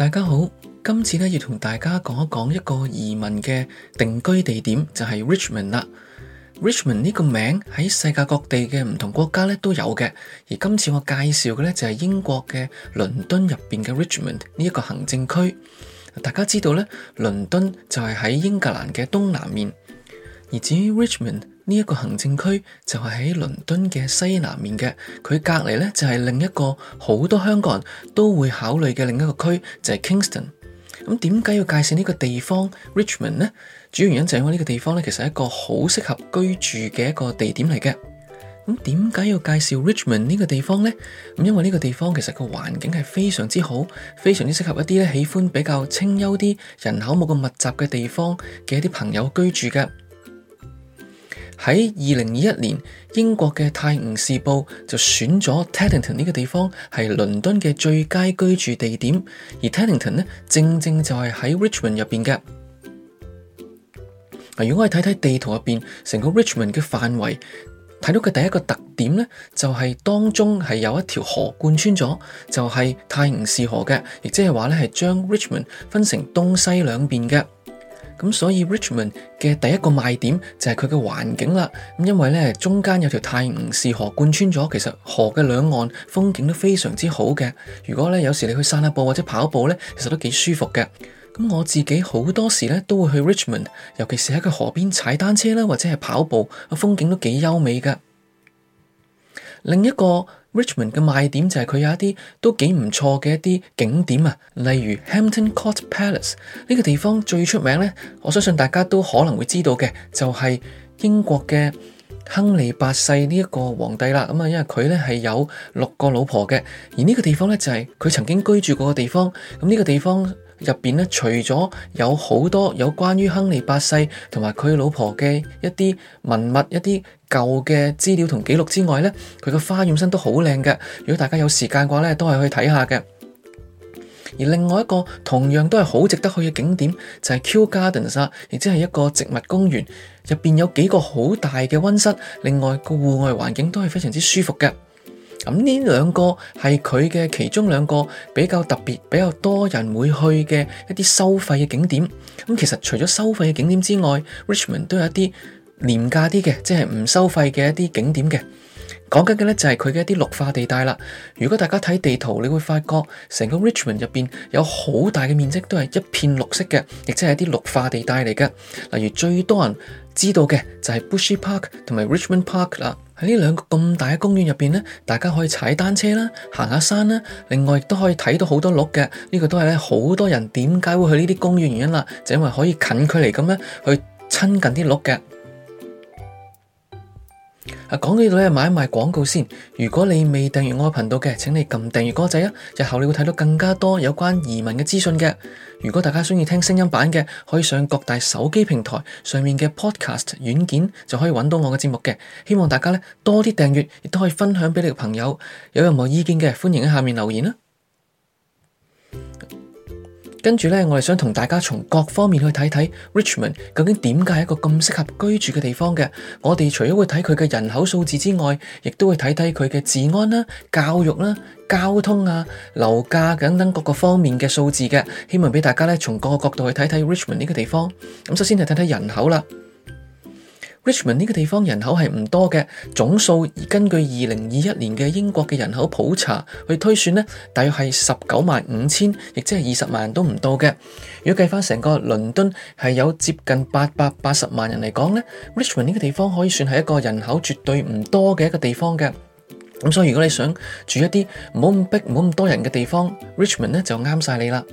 大家好，今次咧要同大家講一講一個移民嘅定居地點，就係 Richmond 啦。Richmond 呢個名喺世界各地嘅唔同國家咧都有嘅，而今次我介紹嘅咧就係英國嘅倫敦入面嘅 Richmond 呢一個行政區。大家知道咧，倫敦就係喺英格蘭嘅東南面，而至於 Richmond，呢一個行政區就係喺倫敦嘅西南面嘅，佢隔籬呢，就係另一個好多香港人都會考慮嘅另一個區，就係 Kingston。咁點解要介紹呢個地方 Richmond 呢，主要原因就係因為呢個地方呢，其實係一個好適合居住嘅一個地點嚟嘅。咁點解要介紹 Richmond 呢個地方呢？咁因為呢個地方其實個環境係非常之好，非常之適合一啲呢，喜歡比較清幽啲、人口冇咁密集嘅地方嘅一啲朋友居住嘅。喺二零二一年，英國嘅泰晤士報就選咗 Teddington 呢個地方係倫敦嘅最佳居住地點，而 Teddington 咧正正就係喺 Richmond 入邊嘅。如果我哋睇睇地圖入邊，成個 Richmond 嘅範圍，睇到嘅第一個特點咧，就係當中係有一條河貫穿咗，就係泰晤士河嘅，亦即係話咧係將 Richmond 分成東西兩邊嘅。咁所以 Richmond 嘅第一個賣點就係佢嘅環境啦。咁因為咧中間有條泰晤士河貫穿咗，其實河嘅兩岸風景都非常之好嘅。如果咧有時你去散下步或者跑步咧，其實都幾舒服嘅。咁我自己好多時咧都會去 Richmond，尤其是喺佢河邊踩單車啦，或者係跑步，啊風景都幾優美嘅。另一個。Richmond 嘅賣點就係佢有一啲都幾唔錯嘅一啲景點啊，例如 Hampton Court Palace 呢個地方最出名咧，我相信大家都可能會知道嘅，就係英國嘅亨利八世呢一個皇帝啦。咁啊，因為佢咧係有六個老婆嘅，而呢個地方咧就係佢曾經居住過嘅地方。咁呢個地方。入邊咧，面除咗有好多有關於亨利八世同埋佢老婆嘅一啲文物、一啲舊嘅資料同記錄之外咧，佢個花園身都好靚嘅。如果大家有時間嘅話咧，都係去睇下嘅。而另外一個同樣都係好值得去嘅景點就係、是、Kew Gardens 啦，亦即係一個植物公園，入邊有幾個好大嘅溫室，另外個戶外環境都係非常之舒服嘅。咁呢兩個係佢嘅其中兩個比較特別、比較多人會去嘅一啲收費嘅景點。咁其實除咗收費嘅景點之外，Richmond 都有一啲廉價啲嘅，即係唔收費嘅一啲景點嘅。講緊嘅呢就係佢嘅一啲綠化地帶啦。如果大家睇地圖，你會發覺成個 Richmond 入邊有好大嘅面積都係一片綠色嘅，亦即係一啲綠化地帶嚟嘅。例如最多人知道嘅就係 Bushy Park 同埋 Richmond Park 啦。喺呢兩個咁大嘅公園入面，咧，大家可以踩單車啦，行下山啦，另外亦都可以睇到好多鹿嘅。呢、這個都係咧好多人點解會去呢啲公園的原因啦，就是、因為可以近距離咁樣去親近啲鹿嘅。講到呢度咧，買一買廣告先，如果你未訂閱我嘅頻道嘅，請你撳訂閱歌仔啊！日後你會睇到更加多有關移民嘅資訊嘅。如果大家鍾意聽聲音版嘅，可以上各大手機平台上面嘅 Podcast 軟件就可以搵到我嘅節目嘅。希望大家咧，多啲訂閱，亦都可以分享俾你嘅朋友。有任何意見嘅，歡迎喺下面留言啦，啊。跟住咧，我哋想同大家從各方面去睇睇 Richmond 究竟，點解一個咁適合居住嘅地方嘅。我哋除咗會睇佢嘅人口數字之外，亦都會睇睇佢嘅治安啦、教育啦、交通啊、樓價等等各個方面嘅數字嘅。希望俾大家咧從各個角度去睇睇 Richmond 呢個地方。咁首先就睇睇人口啦。Richmond 呢個地方人口係唔多嘅，總數根據二零二一年嘅英國嘅人口普查去推算呢，大約係十九萬五千，亦即係二十萬都唔到嘅。如果計翻成個倫敦係有接近八百八十萬人嚟講呢 Richmond 呢個地方可以算係一個人口絕對唔多嘅一個地方嘅。咁所以如果你想住一啲唔好咁逼、唔好咁多人嘅地方，Richmond 呢就啱晒你啦。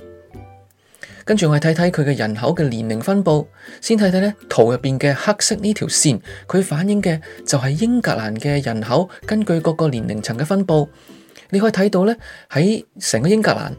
跟住我哋睇睇佢嘅人口嘅年齡分布，先睇睇咧，圖入邊嘅黑色呢條線，佢反映嘅就係英格蘭嘅人口，根據各個年齡層嘅分佈，你可以睇到咧，喺成個英格蘭，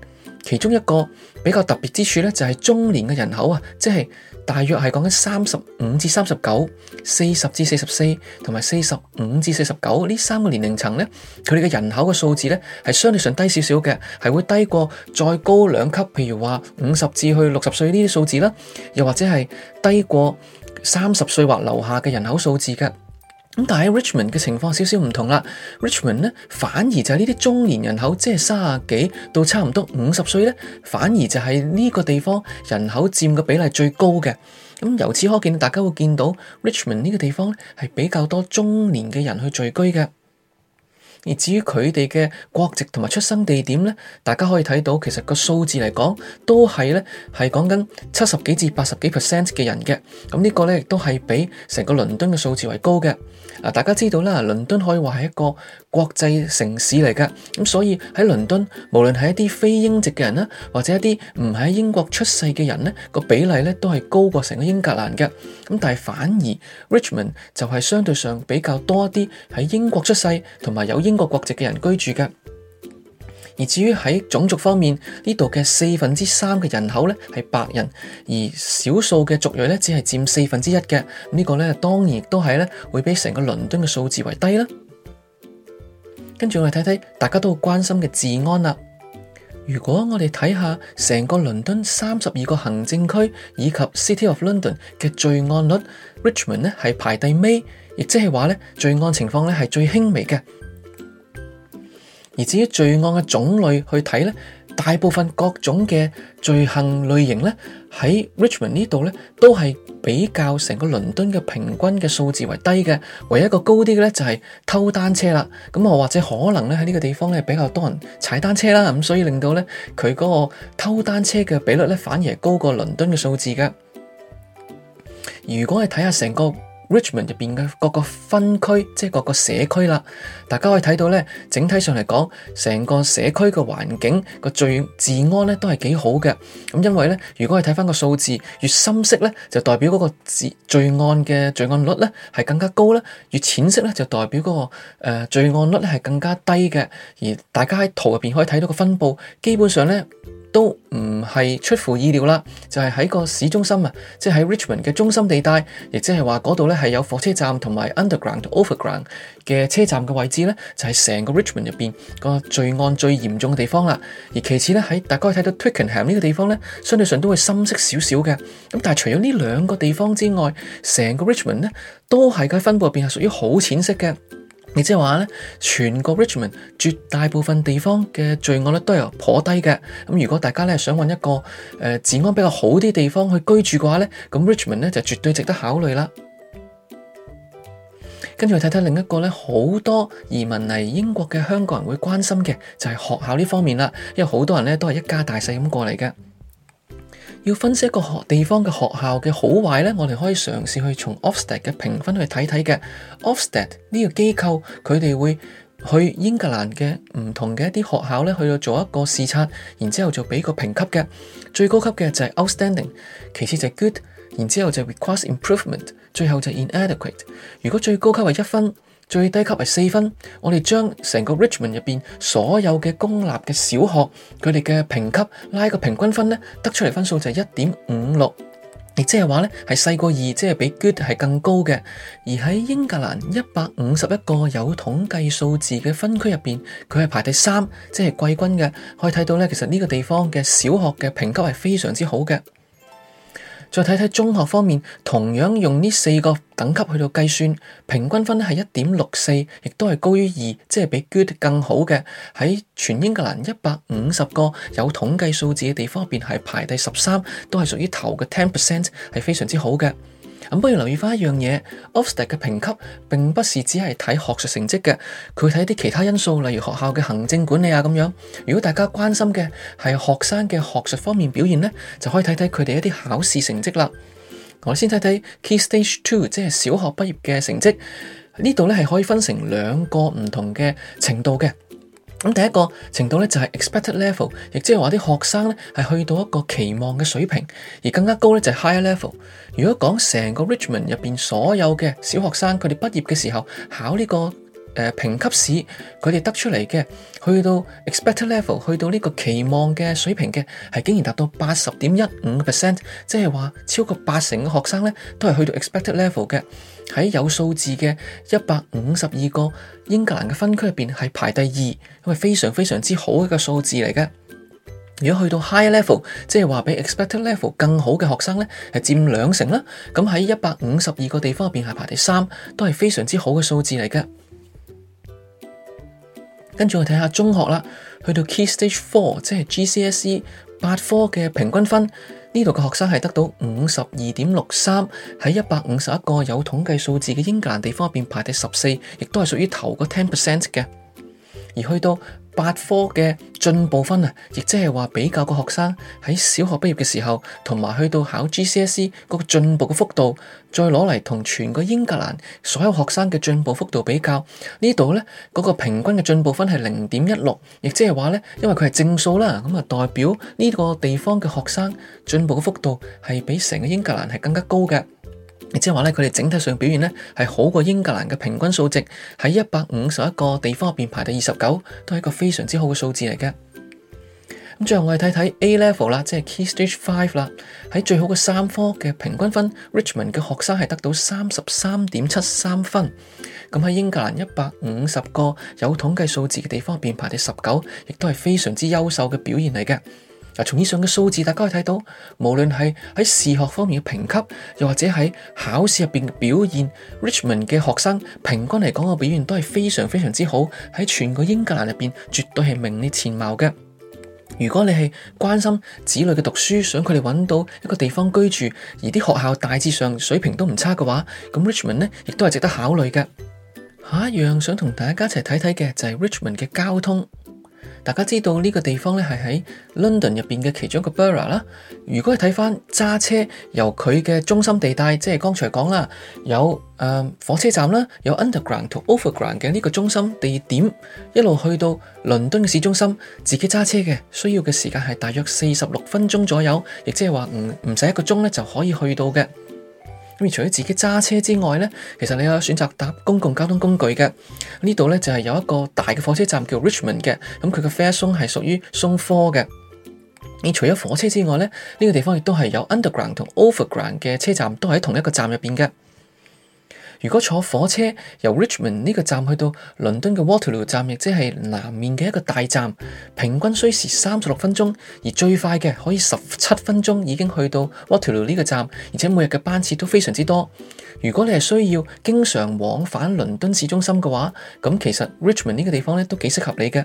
其中一個比較特別之處咧就係中年嘅人口啊，即係。大約係講緊三十五至三十九、四十至四十四同埋四十五至四十九呢三個年齡層，呢佢哋嘅人口嘅數字呢，係相對上低少少嘅，係會低過再高兩級，譬如話五十至去六十歲呢啲數字啦，又或者係低過三十歲或以下嘅人口數字嘅。但係喺 Richmond 嘅情況少少唔同啦，Richmond 咧反而就係呢啲中年人口，即係卅幾到差唔多五十歲咧，反而就係呢個地方人口佔嘅比例最高嘅。咁由此可見，大家會見到 Richmond 呢個地方咧係比較多中年嘅人去聚居嘅。而至於佢哋嘅國籍同埋出生地點咧，大家可以睇到，其實個數字嚟講都係咧係講緊七十幾至八十幾 percent 嘅人嘅，咁呢個咧亦都係比成個倫敦嘅數字為高嘅。嗱、啊，大家知道啦，倫敦可以話係一個國際城市嚟㗎，咁所以喺倫敦，無論係一啲非英籍嘅人啦，或者一啲唔喺英國出世嘅人咧，個比例咧都係高過成個英格蘭嘅。咁但係反而 Richmond 就係相對上比較多一啲喺英國出世同埋有英國國籍嘅人居住嘅。而至於喺種族方面，呢度嘅四分之三嘅人口咧係白人，而少數嘅族裔咧只係佔四分之一嘅。呢個咧當然亦都係咧會比成個倫敦嘅數字為低啦。跟住我哋睇睇大家都關心嘅治安啦。如果我哋睇下成個倫敦三十二個行政區以及 City of London 嘅罪案率，Richmond 呢係排第尾，亦即係話呢罪案情況呢係最輕微嘅。而至於罪案嘅種類去睇呢，大部分各種嘅罪行類型呢。喺 Richmond 呢度咧，都係比較成個倫敦嘅平均嘅數字為低嘅，唯一一個高啲嘅咧就係偷單車啦。咁又或者可能咧喺呢個地方咧比較多人踩單車啦，咁所以令到咧佢嗰個偷單車嘅比率咧反而係高過倫敦嘅數字嘅。如果你睇下成個 Richmond 入邊嘅各個分區，即係各個社區啦，大家可以睇到咧，整體上嚟講，成個社區嘅環境個罪治安咧都係幾好嘅。咁因為咧，如果係睇翻個數字，越深色咧就代表嗰個罪罪案嘅罪案率咧係更加高啦，越淺色咧就代表嗰、嗰個誒、呃、罪案率咧係更加低嘅。而大家喺圖入邊可以睇到個分布，基本上咧都唔係出乎意料啦，就係喺個市中心啊，即係喺 Richmond 嘅中心地帶，亦即係話嗰度咧係有火車站同埋 Underground、Overground 嘅車站嘅位置咧，就係成個 Richmond 入邊個罪案最嚴重嘅地方啦。而其次咧喺大家可以睇到 Twickenham 呢個地方咧，相對上都會深色少少嘅。咁但係除咗呢兩個地方之外，成個 Richmond 咧都係佢分布入邊係屬於好淺色嘅。你即係話全個 Richmond 絕大部分地方嘅罪惡率都係頗低嘅。如果大家想揾一個、呃、治安比較好啲地方去居住嘅話咧，咁 Richmond 就絕對值得考慮啦。跟住我睇睇另一個呢，好多移民嚟英國嘅香港人會關心嘅就係、是、學校呢方面啦。因為好多人咧都係一家大細咁過嚟嘅。要分析一個地方嘅學校嘅好壞呢，我哋可以嘗試去從 Ofsted 嘅評分去睇睇嘅。Ofsted 呢個機構佢哋會去英格蘭嘅唔同嘅一啲學校呢，去到做一個視察，然之後就畀個評級嘅。最高級嘅就係 Outstanding，其次就係 Good，然之後就係 Requires Improvement，最後就係 Inadequate。如果最高級係一分，最低級係四分，我哋將成個 Richmond 入邊所有嘅公立嘅小學佢哋嘅評級拉個平均分咧，得出嚟分數就係一點五六，亦即係話咧係細過二，即係比 Good 係更高嘅。而喺英格蘭一百五十一個有統計數字嘅分區入邊，佢係排第三，即係季軍嘅。可以睇到咧，其實呢個地方嘅小學嘅評級係非常之好嘅。再睇睇中學方面，同樣用呢四個等級去到計算，平均分咧係一點六四，亦都係高於二，即係比 good 更好嘅。喺全英格蘭一百五十個有統計數字嘅地方入邊，係排第十三，都係屬於頭嘅 ten percent，係非常之好嘅。咁不如留意翻一樣嘢，Ofsted 嘅評級並不是只係睇學術成績嘅，佢睇啲其他因素，例如學校嘅行政管理啊咁樣。如果大家關心嘅係學生嘅學術方面表現咧，就可以睇睇佢哋一啲考試成績啦。我先睇睇 Key Stage Two，即係小學畢業嘅成績，呢度咧係可以分成兩個唔同嘅程度嘅。咁第一個程度咧就係 expected level，亦即係話啲學生咧係去到一個期望嘅水平，而更加高咧就係 higher level。如果講成個 Richmond 入邊所有嘅小學生佢哋畢業嘅時候考呢個誒評級試，佢哋得出嚟嘅去到 expected level，去到呢個期望嘅水平嘅，係竟然達到八十點一五 percent，即係話超過八成嘅學生咧都係去到 expected level 嘅。喺有數字嘅一百五十二個英格蘭嘅分區入邊，係排第二，因為非常非常之好一個數字嚟嘅。如果去到 high level，即係話比 expected level 更好嘅學生咧，係佔兩成啦。咁喺一百五十二個地方入邊係排第三，都係非常之好嘅數字嚟嘅。跟住我睇下中學啦，去到 key stage four，即係 GCSE 八科嘅平均分。呢度嘅學生係得到五十二點六三，喺一百五十一個有統計數字嘅英格蘭地方入邊排第十四，亦都係屬於頭嗰 ten percent 嘅，而去到，八科嘅進步分啊，亦即係話比較個學生喺小學畢業嘅時候，同埋去到考 GCSE 嗰個進步嘅幅度，再攞嚟同全個英格蘭所有學生嘅進步幅度比較，呢度咧嗰個平均嘅進步分係零點一六，亦即係話咧，因為佢係正數啦，咁啊代表呢個地方嘅學生進步嘅幅度係比成個英格蘭係更加高嘅。亦即係話咧，佢哋整體上表現咧係好過英格蘭嘅平均數值，喺一百五十一個地方入邊排第二十九，都係一個非常之好嘅數字嚟嘅。咁最後我哋睇睇 A level 啦，即係 Key Stage Five 啦，喺最好嘅三科嘅平均分，Richmond 嘅學生係得到三十三點七三分，咁喺英格蘭一百五十個有統計數字嘅地方入邊排第十九，亦都係非常之優秀嘅表現嚟嘅。嗱，從以上嘅數字，大家可以睇到，無論係喺視學方面嘅評級，又或者喺考試入邊嘅表現，Richmond 嘅學生平均嚟講嘅表現都係非常非常之好，喺全個英格蘭入邊絕對係名列前茅嘅。如果你係關心子女嘅讀書，想佢哋揾到一個地方居住，而啲學校大致上水平都唔差嘅話，咁 Richmond 呢亦都係值得考慮嘅。下一樣想同大家一齊睇睇嘅就係 Richmond 嘅交通。大家知道呢個地方咧，係喺 London 入邊嘅其中一個 borough。如果係睇返揸車由佢嘅中心地帶，即係剛才講啦，有、呃、火車站啦，有 underground 同 overground 嘅呢個中心地點，一路去到倫敦市中心，自己揸車嘅需要嘅時間係大約四十六分鐘左右，亦即係話唔唔使一個鐘就可以去到嘅。咁而除咗自己揸車之外呢，其實你有選擇搭公共交通工具嘅。呢度呢，就係有一個大嘅火車站叫 Richmond 嘅。咁佢嘅 fare zone 係屬於 Zone 4嘅。你除咗火車之外呢，呢、呢個地方亦都係有 Underground 同 Overground 嘅車站，都喺同一個站入邊嘅。如果坐火車由 Richmond 呢個站去到倫敦嘅 Waterloo 站，亦即係南面嘅一個大站，平均需時三十六分鐘，而最快嘅可以十七分鐘已經去到 Waterloo 呢個站，而且每日嘅班次都非常之多。如果你係需要經常往返倫敦市中心嘅話，咁其實 Richmond 呢個地方咧都幾適合你嘅。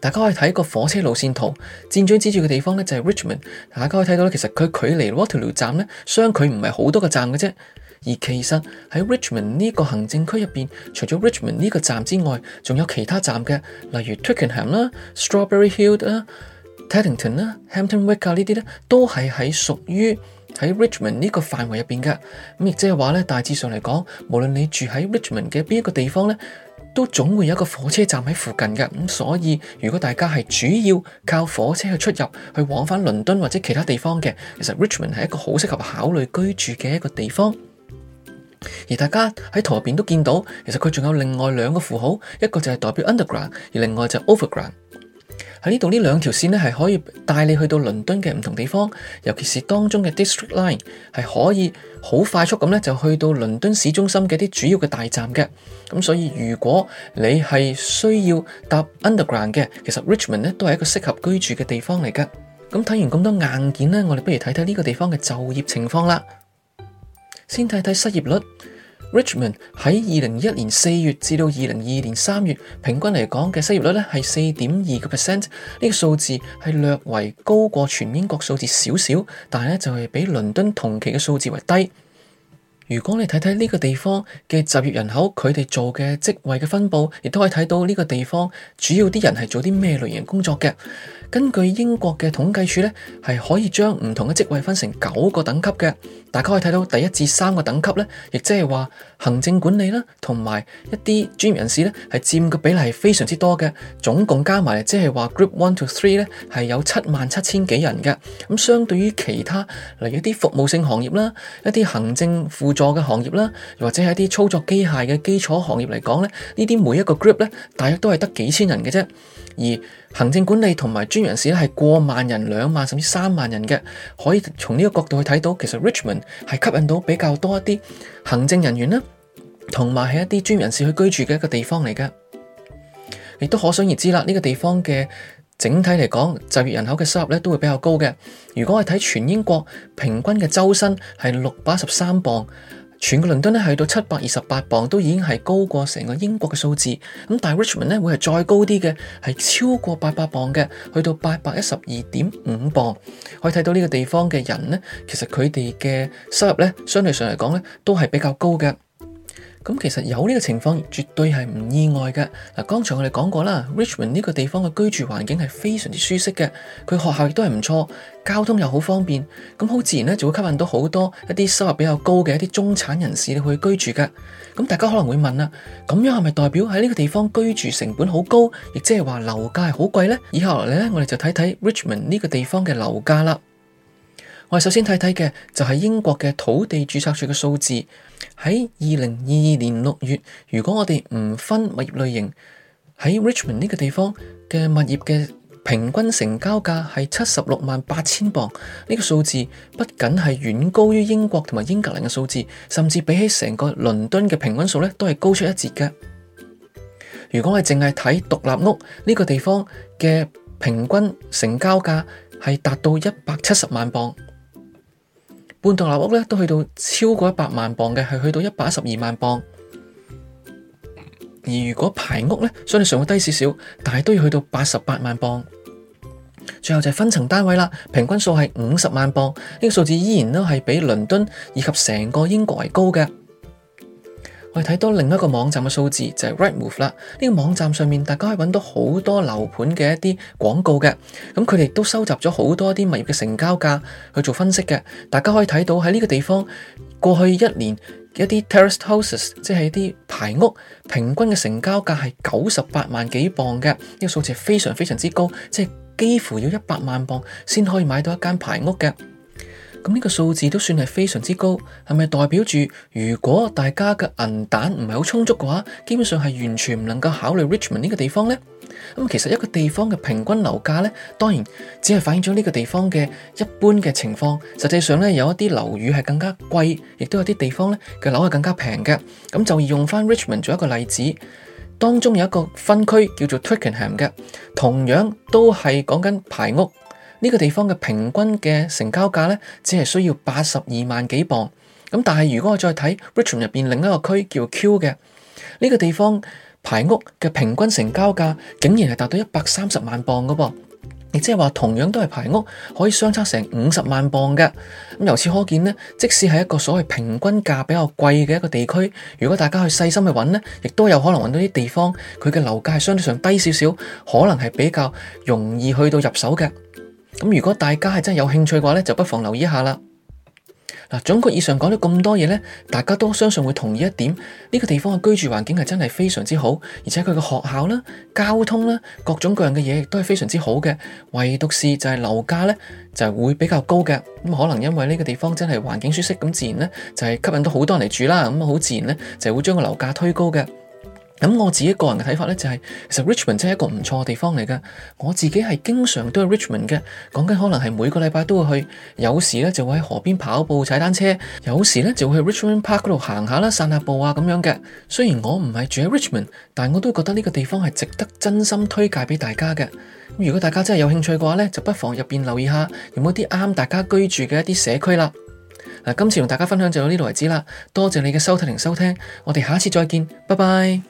大家可以睇個火車路線圖，箭章指住嘅地方咧就係 Richmond，大家可以睇到咧，其實佢距離 Waterloo 站咧相距唔係好多個站嘅啫。而其實喺 Richmond 呢個行政區入邊，除咗 Richmond 呢個站之外，仲有其他站嘅，例如 Twickenham 啦、Strawberry Hill 啦、Teddington 啦、Hampton Wick 呢、啊、啲咧，都係喺屬於喺 Richmond 呢個範圍入邊嘅。咁亦即係話咧，大致上嚟講，無論你住喺 Richmond 嘅邊一個地方咧，都總會有一個火車站喺附近嘅。咁、嗯、所以，如果大家係主要靠火車去出入，去往返倫敦或者其他地方嘅，其實 Richmond 係一個好適合考慮居住嘅一個地方。而大家喺圖入邊都見到，其實佢仲有另外兩個符號，一個就係代表 Underground，而另外就係 Overground。喺呢度呢兩條線呢，係可以帶你去到倫敦嘅唔同地方，尤其是當中嘅 District Line 係可以好快速咁咧就去到倫敦市中心嘅啲主要嘅大站嘅。咁所以如果你係需要搭 Underground 嘅，其實 Richmond 咧都係一個適合居住嘅地方嚟㗎。咁睇完咁多硬件咧，我哋不如睇睇呢個地方嘅就業情況啦。先睇睇失業率，Richmond 喺二零一年四月至到二零二二年三月平均嚟講嘅失業率咧係四點二個 percent，呢個數字係略為高過全英國數字少少，但係咧就係比倫敦同期嘅數字為低。如果你睇睇呢個地方嘅就業人口，佢哋做嘅職位嘅分佈，亦都可以睇到呢個地方主要啲人係做啲咩類型工作嘅。根據英國嘅統計處咧，係可以將唔同嘅職位分成九個等級嘅。大家可以睇到第一至三個等級咧，亦即係話行政管理啦，同埋一啲專業人士咧，係佔嘅比例係非常之多嘅。總共加埋，即係話 group one to three 咧，係有七萬七千幾人嘅。咁相對於其他例如一啲服務性行業啦，一啲行政輔助嘅行業啦，又或者係一啲操作機械嘅基礎行業嚟講咧，呢啲每一個 group 咧，大約都係得幾千人嘅啫。而行政管理同埋專業人士咧，係過萬人、兩萬甚至三萬人嘅，可以從呢個角度去睇到，其實 Richmond 係吸引到比較多一啲行政人員啦，同埋係一啲專業人士去居住嘅一個地方嚟嘅，亦都可想而知啦。呢個地方嘅整體嚟講，就業人口嘅收入咧，都會比較高嘅。如果係睇全英國平均嘅周薪係六百十三鎊。全個倫敦呢去到七百二十八磅，都已經係高過成個英國嘅數字。咁但係 Richmond 呢會係再高啲嘅，係超過八百磅嘅，去到八百一十二點五磅。可以睇到呢個地方嘅人呢，其實佢哋嘅收入呢，相對上嚟講呢，都係比較高嘅。咁其實有呢個情況，絕對係唔意外嘅。嗱，剛才我哋講過啦，Richmond 呢個地方嘅居住環境係非常之舒適嘅，佢學校亦都係唔錯，交通又好方便，咁好自然咧就會吸引到好多一啲收入比較高嘅一啲中產人士去居住嘅。咁大家可能會問啦，咁樣係咪代表喺呢個地方居住成本好高，亦即係話樓價係好貴呢？以下落嚟咧，我哋就睇睇 Richmond 呢個地方嘅樓價啦。我哋首先睇睇嘅就係英國嘅土地註冊處嘅數字。喺二零二二年六月，如果我哋唔分物業類型，喺 Richmond 呢個地方嘅物業嘅平均成交價係七十六萬八千鎊。呢個數字不僅係遠高於英國同埋英格蘭嘅數字，甚至比起成個倫敦嘅平均數咧，都係高出一截嘅。如果係淨係睇獨立屋呢個地方嘅平均成交價，係達到一百七十萬鎊。半獨立屋都去到超過一百萬鎊嘅，係去到一百一十二萬鎊。而如果排屋咧，相對上會低少少，但係都要去到八十八萬鎊。最後就係分層單位啦，平均數係五十萬鎊，呢個數字依然都係比倫敦以及成個英國係高嘅。我哋睇到另一個網站嘅數字就係 Rightmove 啦，呢個網站上面大家可以揾到好多樓盤嘅一啲廣告嘅，咁佢哋都收集咗好多一啲物業嘅成交價去做分析嘅，大家可以睇到喺呢個地方過去一年嘅一啲 terraced houses，即係一啲排屋，平均嘅成交價係九十八萬幾鎊嘅，呢個數字非常非常之高，即係幾乎要一百萬鎊先可以買到一間排屋嘅。咁呢個數字都算係非常之高，係咪代表住如果大家嘅銀蛋唔係好充足嘅話，基本上係完全唔能夠考慮 Richmond 呢個地方呢？咁其實一個地方嘅平均樓價呢，當然只係反映咗呢個地方嘅一般嘅情況，實際上呢，有一啲樓宇係更加貴，亦都有啲地方呢嘅樓係更加平嘅。咁就用返 Richmond 做一個例子，當中有一個分區叫做 Twickenham 嘅，同樣都係講緊排屋。呢個地方嘅平均嘅成交價呢，只係需要八十二萬幾磅。咁但係如果我再睇 Richmond 入面另一個區叫 Q 嘅，呢、這個地方排屋嘅平均成交價竟然係達到一百三十萬磅噶噃。亦即係話同樣都係排屋，可以相差成五十萬磅嘅。咁由此可見咧，即使係一個所謂平均價比較貴嘅一個地區，如果大家去細心去揾呢，亦都有可能揾到啲地方，佢嘅樓價係相對上低少少，可能係比較容易去到入手嘅。咁如果大家係真係有興趣嘅話呢，就不妨留意一下啦。嗱，總括以上講咗咁多嘢呢，大家都相信會同意一點，呢個地方嘅居住環境係真係非常之好，而且佢嘅學校啦、交通啦、各種各樣嘅嘢亦都係非常之好嘅，唯獨是就係樓價呢就係會比較高嘅。咁可能因為呢個地方真係環境舒適，咁自然呢就係吸引到好多人嚟住啦，咁好自然呢就係會將個樓價推高嘅。咁我自己個人嘅睇法呢，就係，其實 Richmond 真係一個唔錯嘅地方嚟㗎。我自己係經常都去 Richmond 嘅，講緊可能係每個禮拜都會去。有時呢就會喺河邊跑步、踩單車，有時呢就會去 Richmond Park 度行下啦、散下步啊咁樣嘅。雖然我唔係住喺 Richmond，但我都覺得呢個地方係值得真心推介俾大家嘅。如果大家真係有興趣嘅話呢，就不妨入邊留意下有冇啲啱大家居住嘅一啲社區啦。嗱，今次同大家分享就到呢度為止啦。多謝你嘅收睇同收聽，我哋下次再見，拜拜。